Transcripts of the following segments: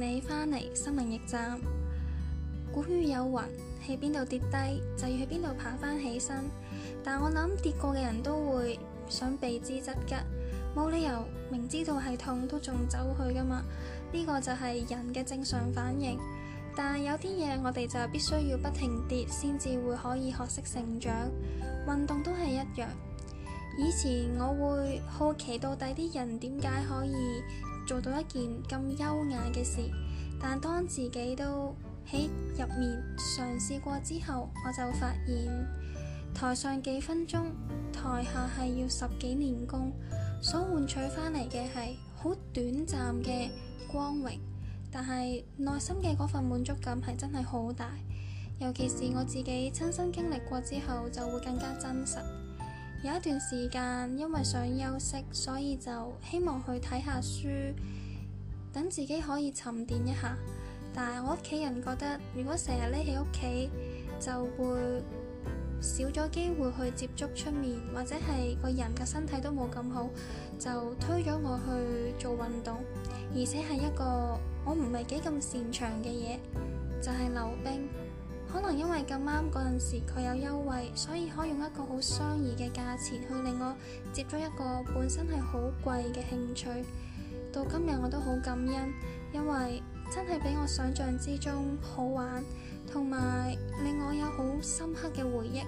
你返嚟，心靈驛站。古語有雲：喺邊度跌低，就要喺邊度爬返起身。但我諗跌過嘅人都會想避之則吉，冇理由明知道係痛都仲走去㗎嘛。呢、這個就係人嘅正常反應。但係有啲嘢我哋就必須要不停跌，先至會可以學識成長。運動都係一樣。以前我會好奇到底啲人點解可以做到一件咁優雅嘅事，但當自己都喺入面嘗試過之後，我就發現台上幾分鐘台下係要十幾年功，所換取翻嚟嘅係好短暫嘅光榮。但係內心嘅嗰份滿足感係真係好大，尤其是我自己親身經歷過之後就會更加真實。有一段時間，因為想休息，所以就希望去睇下書，等自己可以沉澱一下。但係我屋企人覺得，如果成日匿喺屋企，就會少咗機會去接觸出面，或者係個人嘅身體都冇咁好，就推咗我去做運動。而且係一個我唔係幾咁擅長嘅嘢，就係溜冰。可能因為咁啱嗰陣時佢有優惠，所以可以用一個好相宜嘅價錢去令我接觸一個本身係好貴嘅興趣。到今日我都好感恩，因為真係比我想象之中好玩，同埋令我有好深刻嘅回憶。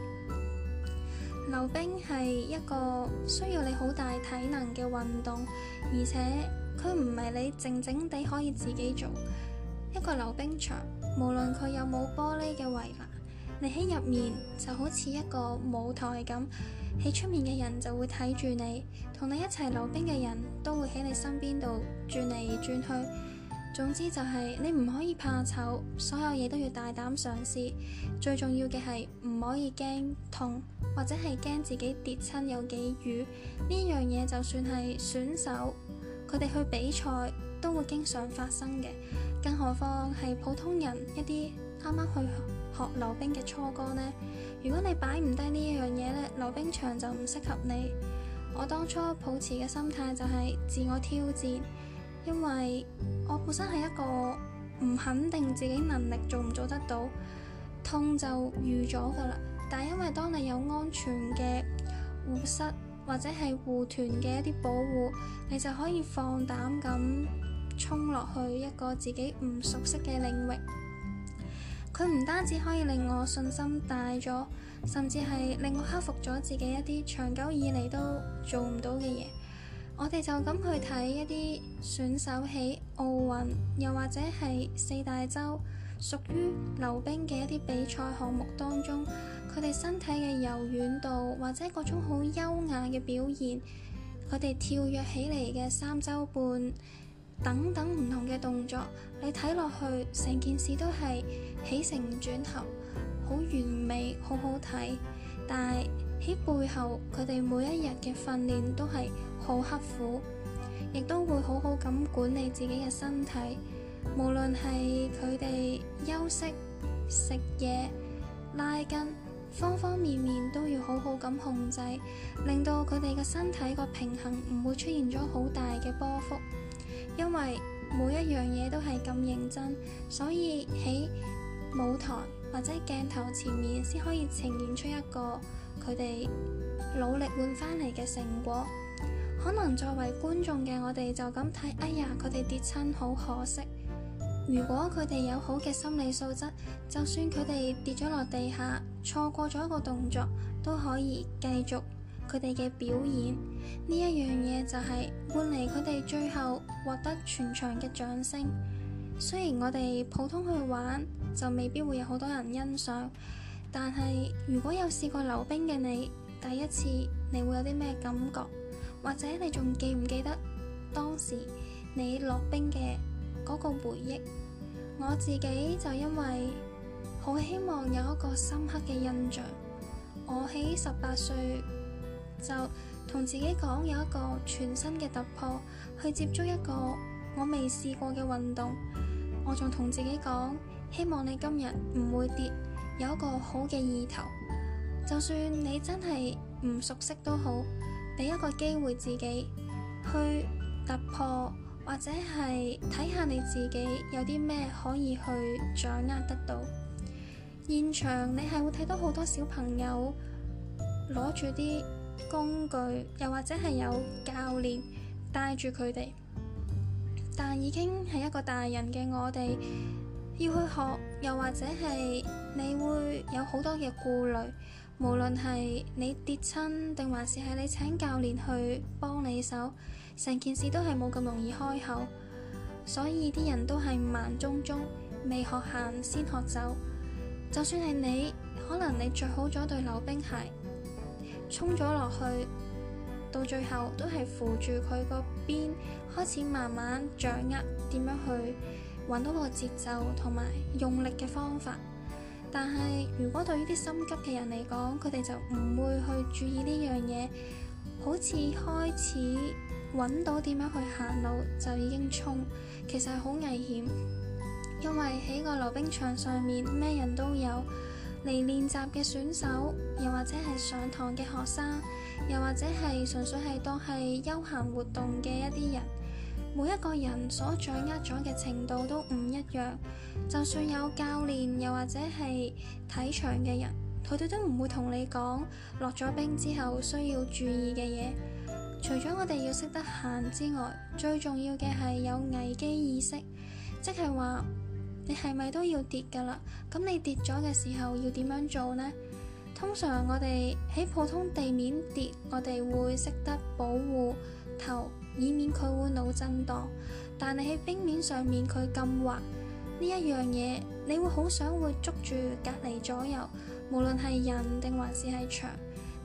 溜冰係一個需要你好大體能嘅運動，而且佢唔係你靜靜地可以自己做一個溜冰場。無論佢有冇玻璃嘅圍欄，你喺入面就好似一個舞台咁，喺出面嘅人就會睇住你，同你一齊溜冰嘅人都會喺你身邊度轉嚟轉去。總之就係、是、你唔可以怕醜，所有嘢都要大膽嘗試。最重要嘅係唔可以驚痛，或者係驚自己跌親有幾遠呢樣嘢，就算係選手，佢哋去比賽都會經常發生嘅。更何況係普通人一啲啱啱去學溜冰嘅初哥呢？如果你擺唔低呢一樣嘢咧，溜冰場就唔適合你。我當初抱持嘅心態就係自我挑戰，因為我本身係一個唔肯定自己能力做唔做得到，痛就預咗㗎喇。但係因為當你有安全嘅護膝或者係護臀嘅一啲保護，你就可以放膽咁。衝落去一個自己唔熟悉嘅領域，佢唔單止可以令我信心大咗，甚至係令我克服咗自己一啲長久以嚟都做唔到嘅嘢。我哋就咁去睇一啲選手喺奧運又或者係四大洲屬於溜冰嘅一啲比賽項目當中，佢哋身體嘅柔軟度或者嗰種好優雅嘅表現，佢哋跳躍起嚟嘅三周半。等等唔同嘅動作，你睇落去成件事都係起承轉合，好完美，好好睇。但係喺背後，佢哋每一日嘅訓練都係好刻苦，亦都會好好咁管理自己嘅身體。無論係佢哋休息、食嘢、拉筋，方方面面都要好好咁控制，令到佢哋嘅身體個平衡唔會出現咗好大嘅波幅。因為每一樣嘢都係咁認真，所以喺舞台或者鏡頭前面先可以呈現出一個佢哋努力換翻嚟嘅成果。可能作為觀眾嘅我哋就咁睇，哎呀，佢哋跌親好可惜。如果佢哋有好嘅心理素質，就算佢哋跌咗落地下，錯過咗一個動作，都可以繼續。佢哋嘅表演呢一樣嘢就係換嚟，佢哋最後獲得全場嘅掌聲。雖然我哋普通去玩就未必會有好多人欣賞，但係如果有試過溜冰嘅你，第一次你會有啲咩感覺？或者你仲記唔記得當時你落冰嘅嗰個回憶？我自己就因為好希望有一個深刻嘅印象，我喺十八歲。就同自己講，有一個全新嘅突破，去接觸一個我未試過嘅運動。我仲同自己講，希望你今日唔會跌，有一個好嘅意頭。就算你真係唔熟悉都好，俾一個機會自己去突破，或者係睇下你自己有啲咩可以去掌握得到。現場你係會睇到好多小朋友攞住啲。工具又或者係有教練帶住佢哋，但已經係一個大人嘅我哋要去學，又或者係你會有好多嘅顧慮，無論係你跌親定還是係你請教練去幫你手，成件事都係冇咁容易開口，所以啲人都係慢中中，未學行先學走。就算係你，可能你着好咗對溜冰鞋。衝咗落去，到最後都係扶住佢個邊，開始慢慢掌握點樣去揾到個節奏同埋用力嘅方法。但係如果對於啲心急嘅人嚟講，佢哋就唔會去注意呢樣嘢，好似開始揾到點樣去行路就已經衝，其實係好危險，因為喺個溜冰場上面咩人都有。嚟練習嘅選手，又或者係上堂嘅學生，又或者係純粹係當係休閒活動嘅一啲人，每一個人所掌握咗嘅程度都唔一樣。就算有教練，又或者係睇場嘅人，佢哋都唔會同你講落咗冰之後需要注意嘅嘢。除咗我哋要識得行之外，最重要嘅係有危機意識，即係話。你係咪都要跌㗎喇？咁你跌咗嘅時候要點樣做呢？通常我哋喺普通地面跌，我哋會識得保護頭，以免佢會腦震盪。但你喺冰面上面，佢咁滑，呢一樣嘢你會好想會捉住隔離左右，無論係人定還是係牆。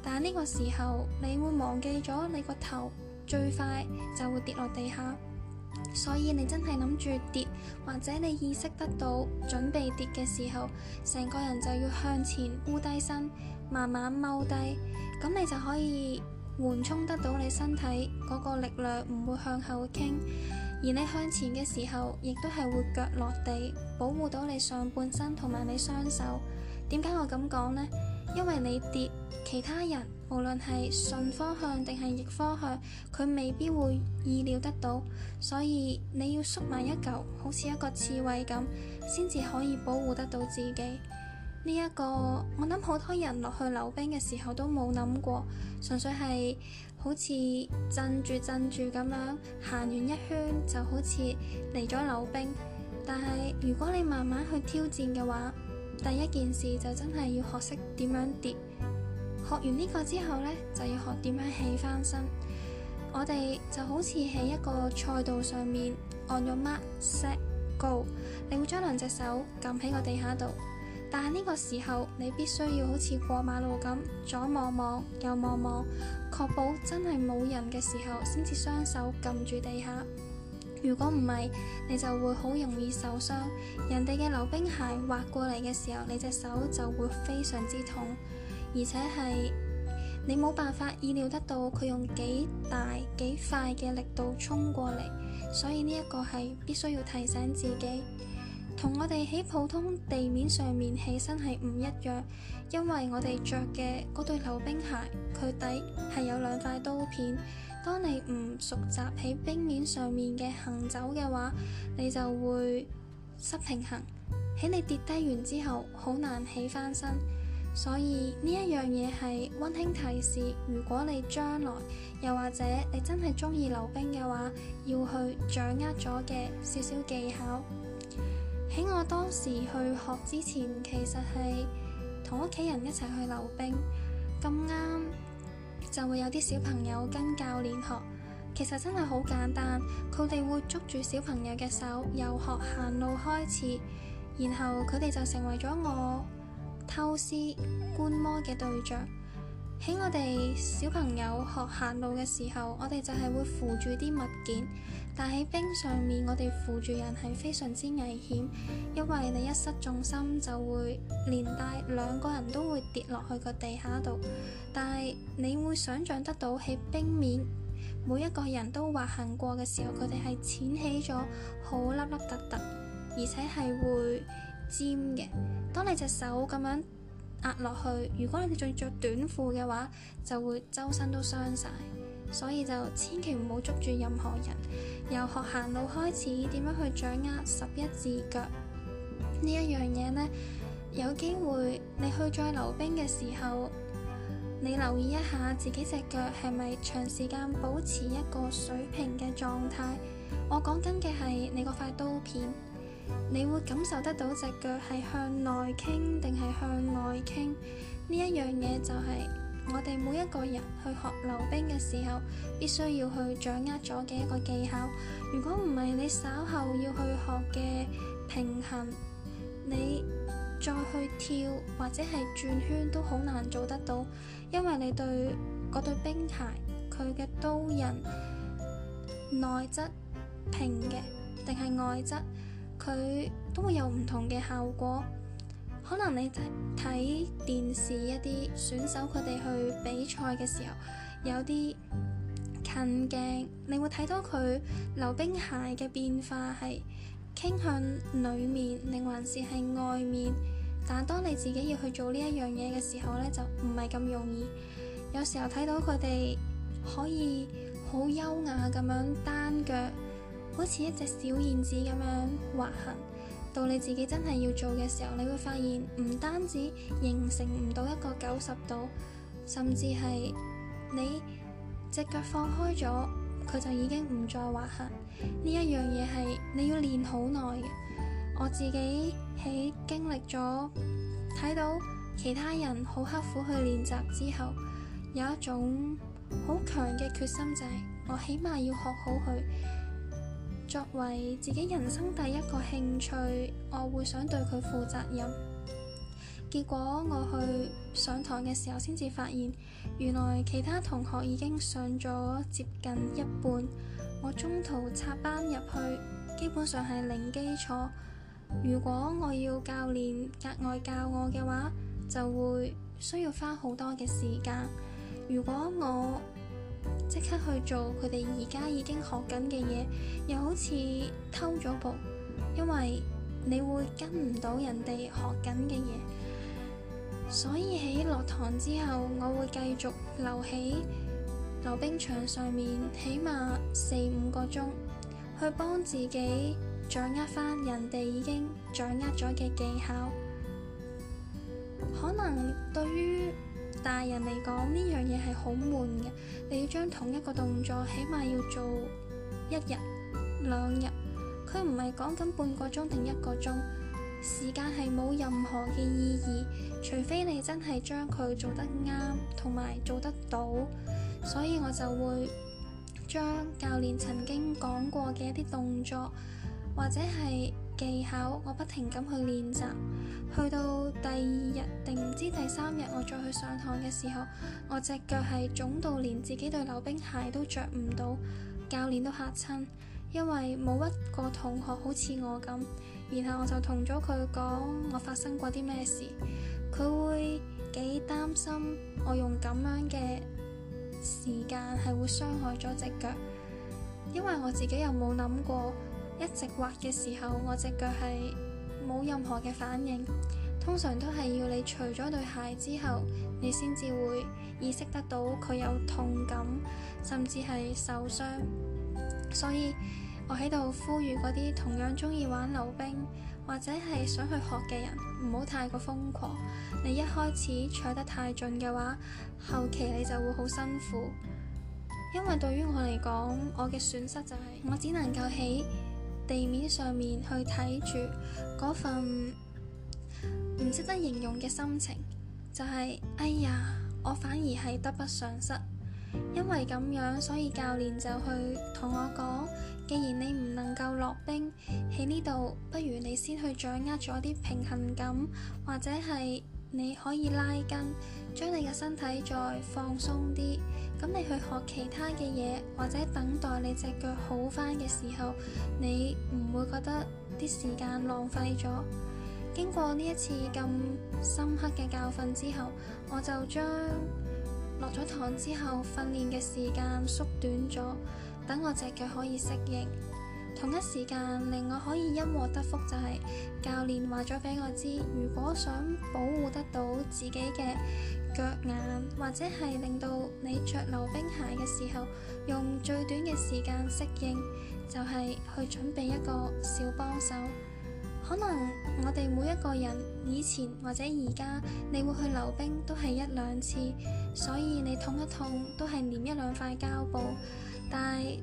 但呢個時候，你會忘記咗你個頭最快就會跌落地下。所以你真係諗住跌，或者你意識得到準備跌嘅時候，成個人就要向前彎低身，慢慢踎低，咁你就可以緩衝得到你身體嗰個力量，唔會向後傾。而你向前嘅時候，亦都係會腳落地，保護到你上半身同埋你雙手。點解我咁講咧？因為你跌，其他人。無論係順方向定係逆方向，佢未必會意料得到，所以你要縮埋一嚿，好似一個刺猬咁，先至可以保護得到自己。呢、這、一個我諗好多人落去溜冰嘅時候都冇諗過，純粹係好似震住震住咁樣行完一圈就好似嚟咗溜冰。但係如果你慢慢去挑戰嘅話，第一件事就真係要學識點樣跌。學完呢個之後呢，就要學點樣起翻身。我哋就好似喺一個賽道上面 on your mark, set, go，你會將兩隻手撳喺個地下度，但係呢個時候你必須要好似過馬路咁，左望望，右望望，確保真係冇人嘅時候先至雙手撳住地下。如果唔係，你就會好容易受傷。人哋嘅溜冰鞋滑過嚟嘅時候，你隻手就會非常之痛。而且係你冇辦法意料得到佢用幾大幾快嘅力度衝過嚟，所以呢一個係必須要提醒自己，同我哋喺普通地面上面起身係唔一樣，因為我哋着嘅嗰對溜冰鞋，佢底係有兩塊刀片。當你唔熟習喺冰面上面嘅行走嘅話，你就會失平衡，喺你跌低完之後，好難起返身。所以呢一樣嘢係溫馨提示，如果你將來又或者你真係中意溜冰嘅話，要去掌握咗嘅少少技巧。喺我當時去學之前，其實係同屋企人一齊去溜冰，咁啱就會有啲小朋友跟教練學。其實真係好簡單，佢哋會捉住小朋友嘅手，由學行路開始，然後佢哋就成為咗我。偷師觀摩嘅對象，喺我哋小朋友學行路嘅時候，我哋就係會扶住啲物件。但喺冰上面，我哋扶住人係非常之危險，因為你一失重心就會連帶兩個人都會跌落去個地下度。但係你會想像得到，喺冰面每一個人都滑行過嘅時候，佢哋係淺起咗，好凹凹凸凸，而且係會，尖嘅，當你隻手咁樣壓落去，如果你仲着短褲嘅話，就會周身都傷晒。所以就千祈唔好捉住任何人。由學行路開始，點樣去掌握十一字腳。呢一樣嘢呢，有機會你去再溜冰嘅時候，你留意一下自己隻腳係咪長時間保持一個水平嘅狀態。我講緊嘅係你嗰塊刀片。你會感受得到隻腳係向內傾定係向外傾呢？呢一樣嘢就係、是、我哋每一個人去學溜冰嘅時候，必須要去掌握咗嘅一個技巧。如果唔係，你稍後要去學嘅平衡，你再去跳或者係轉圈都好難做得到，因為你對嗰對冰鞋佢嘅刀刃內側平嘅定係外側。佢都會有唔同嘅效果，可能你睇電視一啲選手佢哋去比賽嘅時候，有啲近鏡，你會睇到佢溜冰鞋嘅變化係傾向裏面，定還是係外面。但當你自己要去做呢一樣嘢嘅時候咧，就唔係咁容易。有時候睇到佢哋可以好優雅咁樣單腳。好似一隻小燕子咁樣滑行，到你自己真係要做嘅時候，你會發現唔單止形成唔到一個九十度，甚至係你隻腳放開咗，佢就已經唔再滑行。呢一樣嘢係你要練好耐嘅。我自己喺經歷咗睇到其他人好刻苦去練習之後，有一種好強嘅決心，就係我起碼要學好佢。作為自己人生第一個興趣，我會想對佢負責任。結果我去上堂嘅時候，先至發現原來其他同學已經上咗接近一半。我中途插班入去，基本上係零基礎。如果我要教練額外教我嘅話，就會需要花好多嘅時間。如果我即刻去做佢哋而家已經學緊嘅嘢，又好似偷咗步，因為你會跟唔到人哋學緊嘅嘢，所以喺落堂之後，我會繼續留喺溜冰場上面，起碼四五個鐘，去幫自己掌握翻人哋已經掌握咗嘅技巧，可能對於。大人嚟講呢樣嘢係好悶嘅，你要將同一個動作起碼要做一日兩日，佢唔係講緊半個鐘定一個鐘，時間係冇任何嘅意義，除非你真係將佢做得啱同埋做得到，所以我就會將教練曾經講過嘅一啲動作或者係。技巧，我不停咁去練習，去到第二日定唔知第三日，我再去上堂嘅時候，我隻腳係腫到連自己對溜冰鞋都着唔到，教練都吓親，因為冇一個同學好似我咁，然後我就同咗佢講我發生過啲咩事，佢會幾擔心我用咁樣嘅時間係會傷害咗隻腳，因為我自己又冇諗過。一直滑嘅時候，我隻腳係冇任何嘅反應。通常都係要你除咗對鞋之後，你先至會意識得到佢有痛感，甚至係受傷。所以我喺度呼籲嗰啲同樣鍾意玩溜冰或者係想去學嘅人，唔好太過瘋狂。你一開始踩得太盡嘅話，後期你就會好辛苦。因為對於我嚟講，我嘅損失就係我只能夠起。地面上面去睇住嗰份唔識得形容嘅心情，就係、是、哎呀，我反而係得不償失，因為咁樣，所以教練就去同我講，既然你唔能夠落冰喺呢度，不如你先去掌握咗啲平衡感，或者係。你可以拉筋，將你嘅身體再放鬆啲。咁你去學其他嘅嘢，或者等待你隻腳好翻嘅時候，你唔會覺得啲時間浪費咗。經過呢一次咁深刻嘅教訓之後，我就將落咗堂之後訓練嘅時間縮短咗，等我隻腳可以適應。同一時間令我可以因禍得福就係、是、教練話咗俾我知，如果想保護得到自己嘅腳眼，或者係令到你着溜冰鞋嘅時候用最短嘅時間適應，就係、是、去準備一個小幫手。可能我哋每一個人以前或者而家你會去溜冰都係一兩次，所以你痛一痛都係粘一兩塊膠布，但係，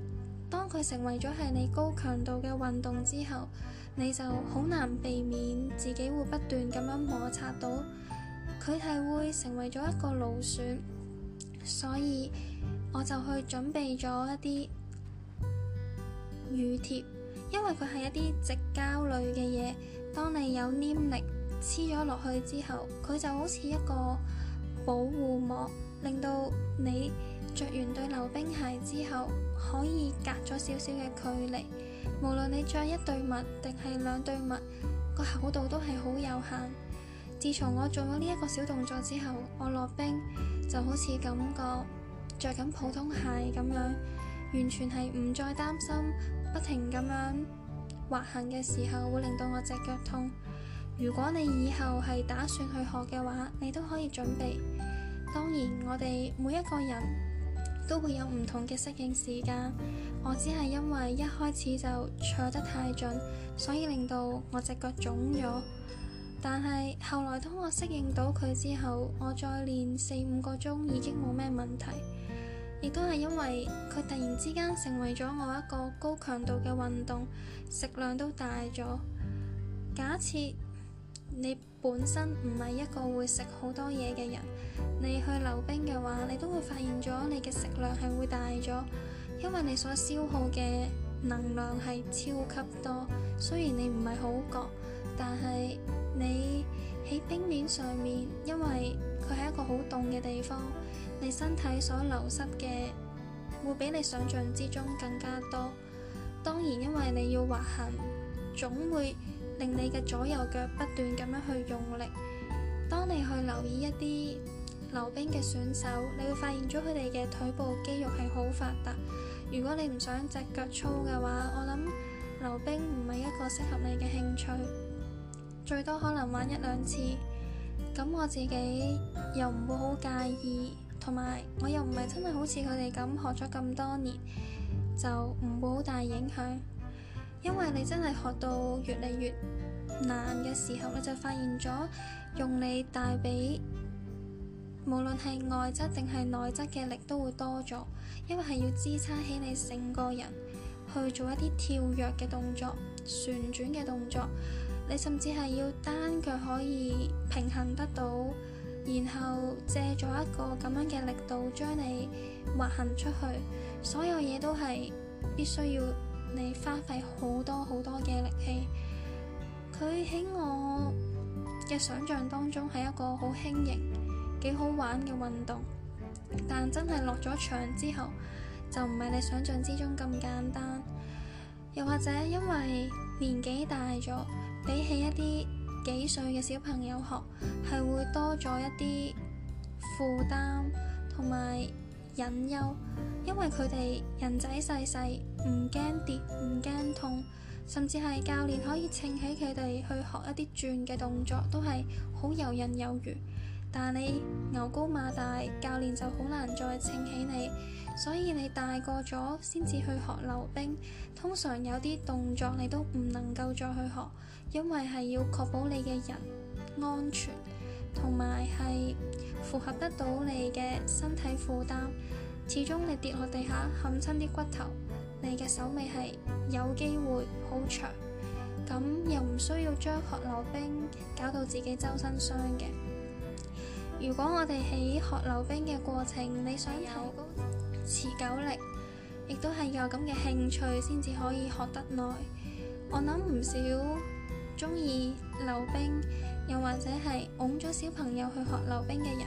當佢成為咗係你高強度嘅運動之後，你就好難避免自己會不斷咁樣摩擦到佢，係會成為咗一個勞損。所以我就去準備咗一啲乳貼，因為佢係一啲直膠類嘅嘢。當你有黏力黐咗落去之後，佢就好似一個保護膜，令到你着完對溜冰鞋之後。可以隔咗少少嘅距離，無論你着一對襪定係兩對襪，個厚度都係好有限。自從我做咗呢一個小動作之後，我落冰就好似感覺着緊普通鞋咁樣，完全係唔再擔心不停咁樣滑行嘅時候會令到我隻腳痛。如果你以後係打算去學嘅話，你都可以準備。當然，我哋每一個人。都會有唔同嘅適應時間，我只係因為一開始就錯得太準，所以令到我隻腳腫咗。但係後來通過適應到佢之後，我再練四五個鐘已經冇咩問題，亦都係因為佢突然之間成為咗我一個高強度嘅運動，食量都大咗。假設你本身唔係一個會食好多嘢嘅人。你去溜冰嘅話，你都會發現咗你嘅食量係會大咗，因為你所消耗嘅能量係超級多。雖然你唔係好覺，但係你喺冰面上面，因為佢係一個好凍嘅地方，你身體所流失嘅會比你想象之中更加多。當然，因為你要滑行，總會令你嘅左右腳不斷咁樣去用力。當你去留意一啲。溜冰嘅選手，你會發現咗佢哋嘅腿部肌肉係好發達。如果你唔想隻腳粗嘅話，我諗溜冰唔係一個適合你嘅興趣，最多可能玩一兩次。咁我自己又唔會好介意，同埋我又唔係真係好似佢哋咁學咗咁多年，就唔會好大影響。因為你真係學到越嚟越難嘅時候，你就發現咗用你大髀。無論係外側定係內側嘅力都會多咗，因為係要支撐起你成個人去做一啲跳躍嘅動作、旋轉嘅動作。你甚至係要單腳可以平衡得到，然後借助一個咁樣嘅力度將你滑行出去。所有嘢都係必須要你花費好多好多嘅力氣。佢喺我嘅想像當中係一個好輕盈幾好玩嘅運動，但真係落咗場之後，就唔係你想像之中咁簡單。又或者因為年紀大咗，比起一啲幾歲嘅小朋友學，係會多咗一啲負擔同埋隱憂，因為佢哋人仔細細，唔驚跌，唔驚痛，甚至係教練可以撐起佢哋去學一啲轉嘅動作，都係好游刃有餘。但你牛高馬大，教練就好難再撐起你，所以你大個咗先至去學溜冰。通常有啲動作你都唔能夠再去學，因為係要確保你嘅人安全，同埋係符合得到你嘅身體負擔。始終你跌落地下冚親啲骨頭，你嘅手尾係有機會好長，咁又唔需要將學溜冰搞到自己周身傷嘅。如果我哋喺學溜冰嘅過程，你想提高持久力，亦都係有咁嘅興趣先至可以學得耐。我諗唔少中意溜冰，又或者係哄咗小朋友去學溜冰嘅人，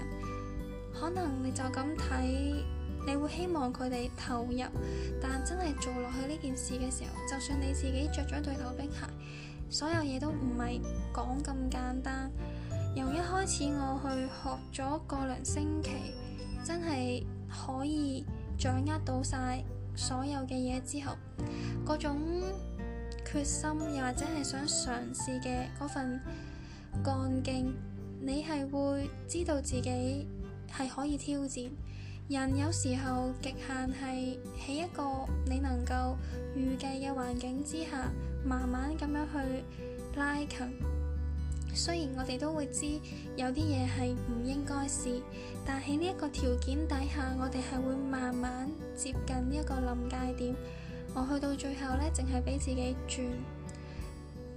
可能你就咁睇，你會希望佢哋投入，但真係做落去呢件事嘅時候，就算你自己着咗對溜冰鞋，所有嘢都唔係講咁簡單。由一開始我去學咗個兩星期，真係可以掌握到晒所有嘅嘢之後，嗰種決心，又或者係想嘗試嘅嗰份幹勁，你係會知道自己係可以挑戰。人有時候極限係喺一個你能夠預計嘅環境之下，慢慢咁樣去拉近。雖然我哋都會知有啲嘢係唔應該試，但喺呢一個條件底下，我哋係會慢慢接近呢一個臨界點。我去到最後呢，淨係俾自己轉，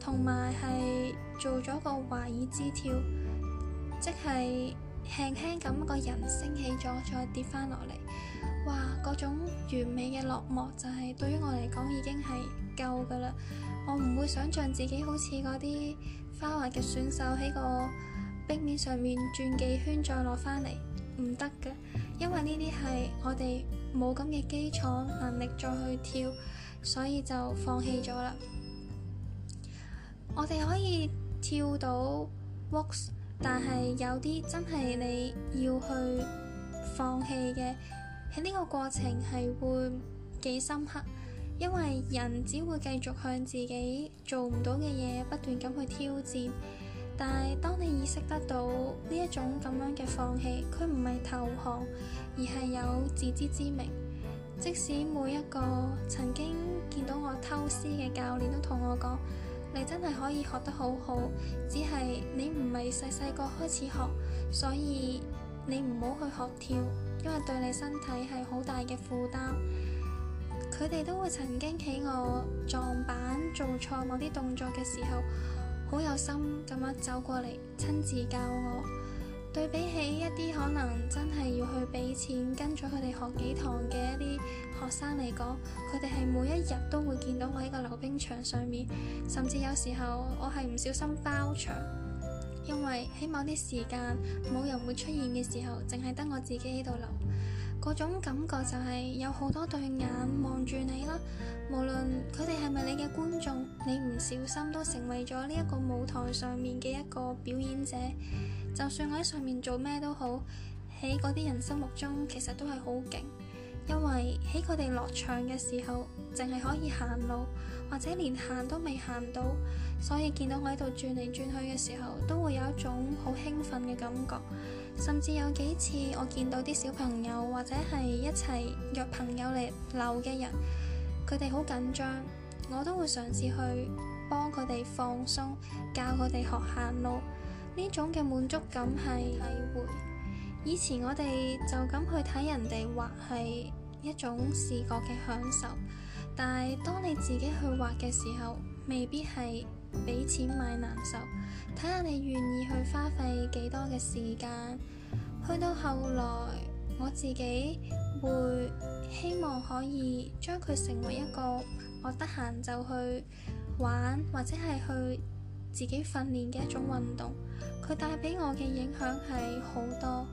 同埋係做咗個華爾茲跳，即係輕輕咁一個人升起咗，再跌返落嚟。哇！嗰種完美嘅落幕就係對於我嚟講已經係夠㗎喇。我唔會想象自己好似嗰啲。花滑嘅選手喺個冰面上面轉幾圈，再落返嚟唔得嘅，因為呢啲係我哋冇咁嘅基礎能力再去跳，所以就放棄咗啦。我哋可以跳到 walks，但係有啲真係你要去放棄嘅，喺呢個過程係會幾深刻。因為人只會繼續向自己做唔到嘅嘢不斷咁去挑戰，但係當你意識得到呢一種咁樣嘅放棄，佢唔係投降，而係有自知之明。即使每一個曾經見到我偷師嘅教練都同我講：「你真係可以學得好好，只係你唔係細細個開始學，所以你唔好去學跳，因為對你身體係好大嘅負擔。」佢哋都會曾經喺我撞板、做錯某啲動作嘅時候，好有心咁樣走過嚟，親自教我。對比起一啲可能真係要去俾錢跟咗佢哋學幾堂嘅一啲學生嚟講，佢哋係每一日都會見到我喺個溜冰場上面，甚至有時候我係唔小心包場，因為喺某啲時間冇人會出現嘅時候，淨係得我自己喺度溜。嗰種感覺就係有好多對眼望住你啦，無論佢哋係咪你嘅觀眾，你唔小心都成為咗呢一個舞台上面嘅一個表演者。就算我喺上面做咩都好，喺嗰啲人心目中其實都係好勁，因為喺佢哋落場嘅時候，淨係可以行路。或者連行都未行到，所以見到我喺度轉嚟轉去嘅時候，都會有一種好興奮嘅感覺。甚至有幾次，我見到啲小朋友或者係一齊約朋友嚟溜嘅人，佢哋好緊張，我都會嘗試去幫佢哋放鬆，教佢哋學行路。呢種嘅滿足感係體會。以前我哋就咁去睇人哋畫係一種視覺嘅享受。但係當你自己去畫嘅時候，未必係俾錢買難受。睇下你願意去花費幾多嘅時間。去到後來，我自己會希望可以將佢成為一個我得閒就去玩，或者係去自己訓練嘅一種運動。佢帶俾我嘅影響係好多，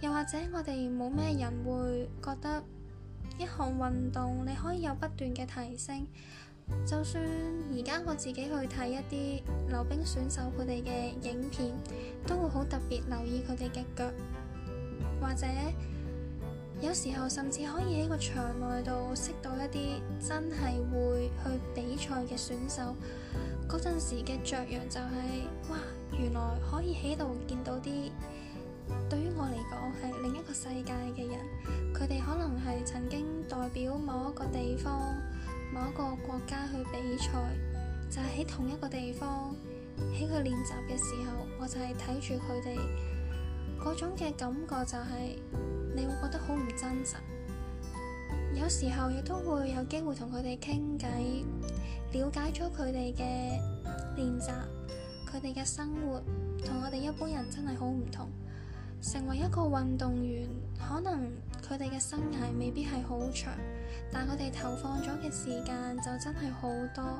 又或者我哋冇咩人會覺得。一項運動你可以有不斷嘅提升，就算而家我自己去睇一啲溜冰選手佢哋嘅影片，都會好特別留意佢哋嘅腳，或者有時候甚至可以喺個場內度識到一啲真係會去比賽嘅選手，嗰陣時嘅雀躍就係、是，哇，原來可以喺度見到啲。對於我嚟講係另一個世界嘅人，佢哋可能係曾經代表某一個地方，某一個國家去比賽，就係喺同一個地方喺佢練習嘅時候，我就係睇住佢哋嗰種嘅感覺就係你會覺得好唔真實。有時候亦都會有機會同佢哋傾偈，了解咗佢哋嘅練習，佢哋嘅生活同我哋一般人真係好唔同。成為一個運動員，可能佢哋嘅生涯未必係好長，但佢哋投放咗嘅時間就真係好多。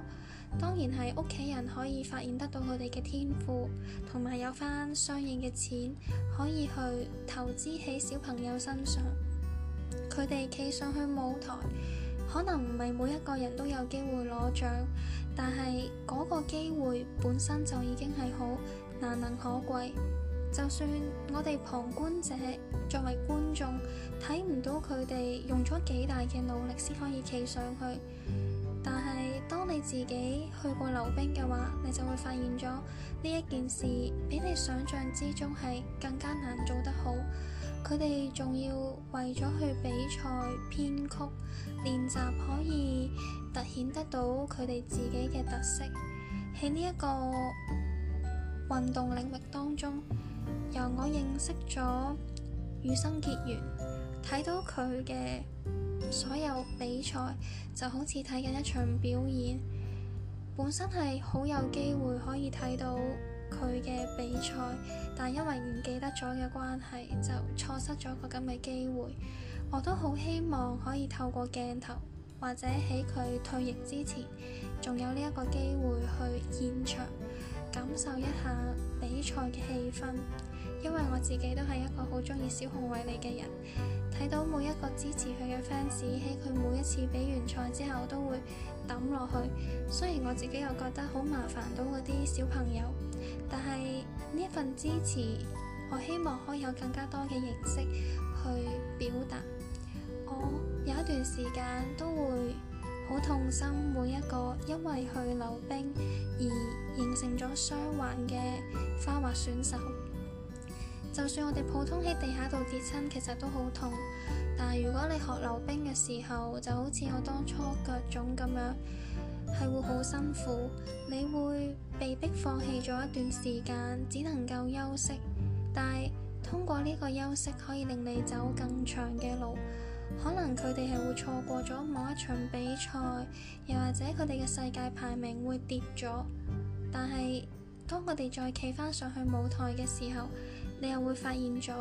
當然係屋企人可以發現得到佢哋嘅天賦，同埋有翻相應嘅錢可以去投資喺小朋友身上。佢哋企上去舞台，可能唔係每一個人都有機會攞獎，但係嗰個機會本身就已經係好難能可貴。就算我哋旁觀者作為觀眾睇唔到佢哋用咗幾大嘅努力先可以企上去，但係當你自己去過溜冰嘅話，你就會發現咗呢一件事比你想象之中係更加難做得好。佢哋仲要為咗去比賽編曲練習，可以突顯得到佢哋自己嘅特色喺呢一個運動領域當中。由我認識咗羽生結弦，睇到佢嘅所有比賽就好似睇緊一場表演。本身係好有機會可以睇到佢嘅比賽，但因為唔記得咗嘅關係，就錯失咗個咁嘅機會。我都好希望可以透過鏡頭，或者喺佢退役之前，仲有呢一個機會去現場感受一下。比賽嘅氣氛，因為我自己都係一個好中意小熊維尼嘅人，睇到每一個支持佢嘅 fans，喺佢每一次比完賽之後都會抌落去。雖然我自己又覺得好麻煩到嗰啲小朋友，但係呢一份支持，我希望可以有更加多嘅形式去表達。我有一段時間都會好痛心，每一個因為去溜冰而。形成咗雙環嘅花滑選手，就算我哋普通喺地下度跌親，其實都好痛。但係，如果你學溜冰嘅時候，就好似我當初腳腫咁樣，係會好辛苦。你會被迫放棄咗一段時間，只能夠休息。但係通過呢個休息，可以令你走更長嘅路。可能佢哋係會錯過咗某一場比賽，又或者佢哋嘅世界排名會跌咗。但係，當我哋再企返上去舞台嘅時候，你又會發現咗，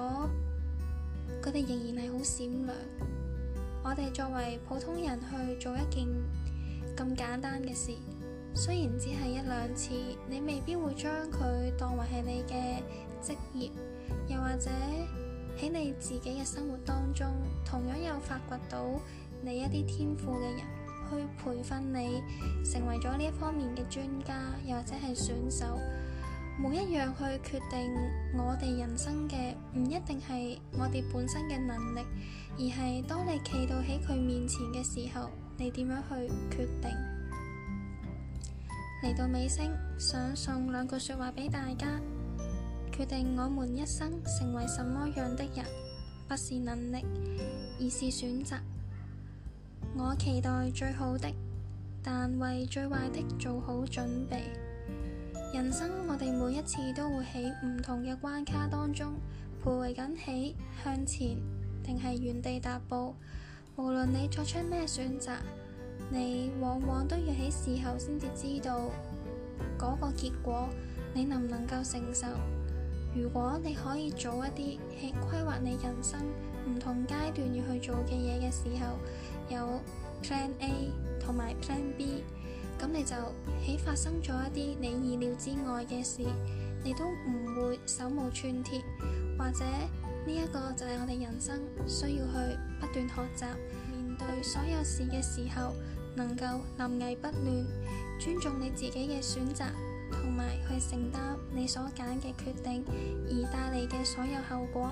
佢哋仍然係好閃亮。我哋作為普通人去做一件咁簡單嘅事，雖然只係一兩次，你未必會將佢當為係你嘅職業，又或者喺你自己嘅生活當中，同樣有發掘到你一啲天賦嘅人。去培訓你成為咗呢一方面嘅專家，又或者係選手，每一樣去決定我哋人生嘅唔一定係我哋本身嘅能力，而係當你企到喺佢面前嘅時候，你點樣去決定？嚟到尾聲，想送兩句說話俾大家：決定我們一生成為什麼樣的人，不是能力，而是選擇。我期待最好的，但為最壞的做好準備。人生我哋每一次都會喺唔同嘅關卡當中徘徊緊，起向前定係原地踏步。無論你作出咩選擇，你往往都要喺事後先至知道嗰個結果，你能唔能夠承受？如果你可以早一啲去規劃你人生唔同階段要去做嘅嘢嘅時候。有 Plan A 同埋 Plan B，咁你就喺發生咗一啲你意料之外嘅事，你都唔會手無寸鐵，或者呢一個就係我哋人生需要去不斷學習，面對所有事嘅時候，能夠臨危不亂，尊重你自己嘅選擇，同埋去承擔你所揀嘅決定而帶嚟嘅所有後果。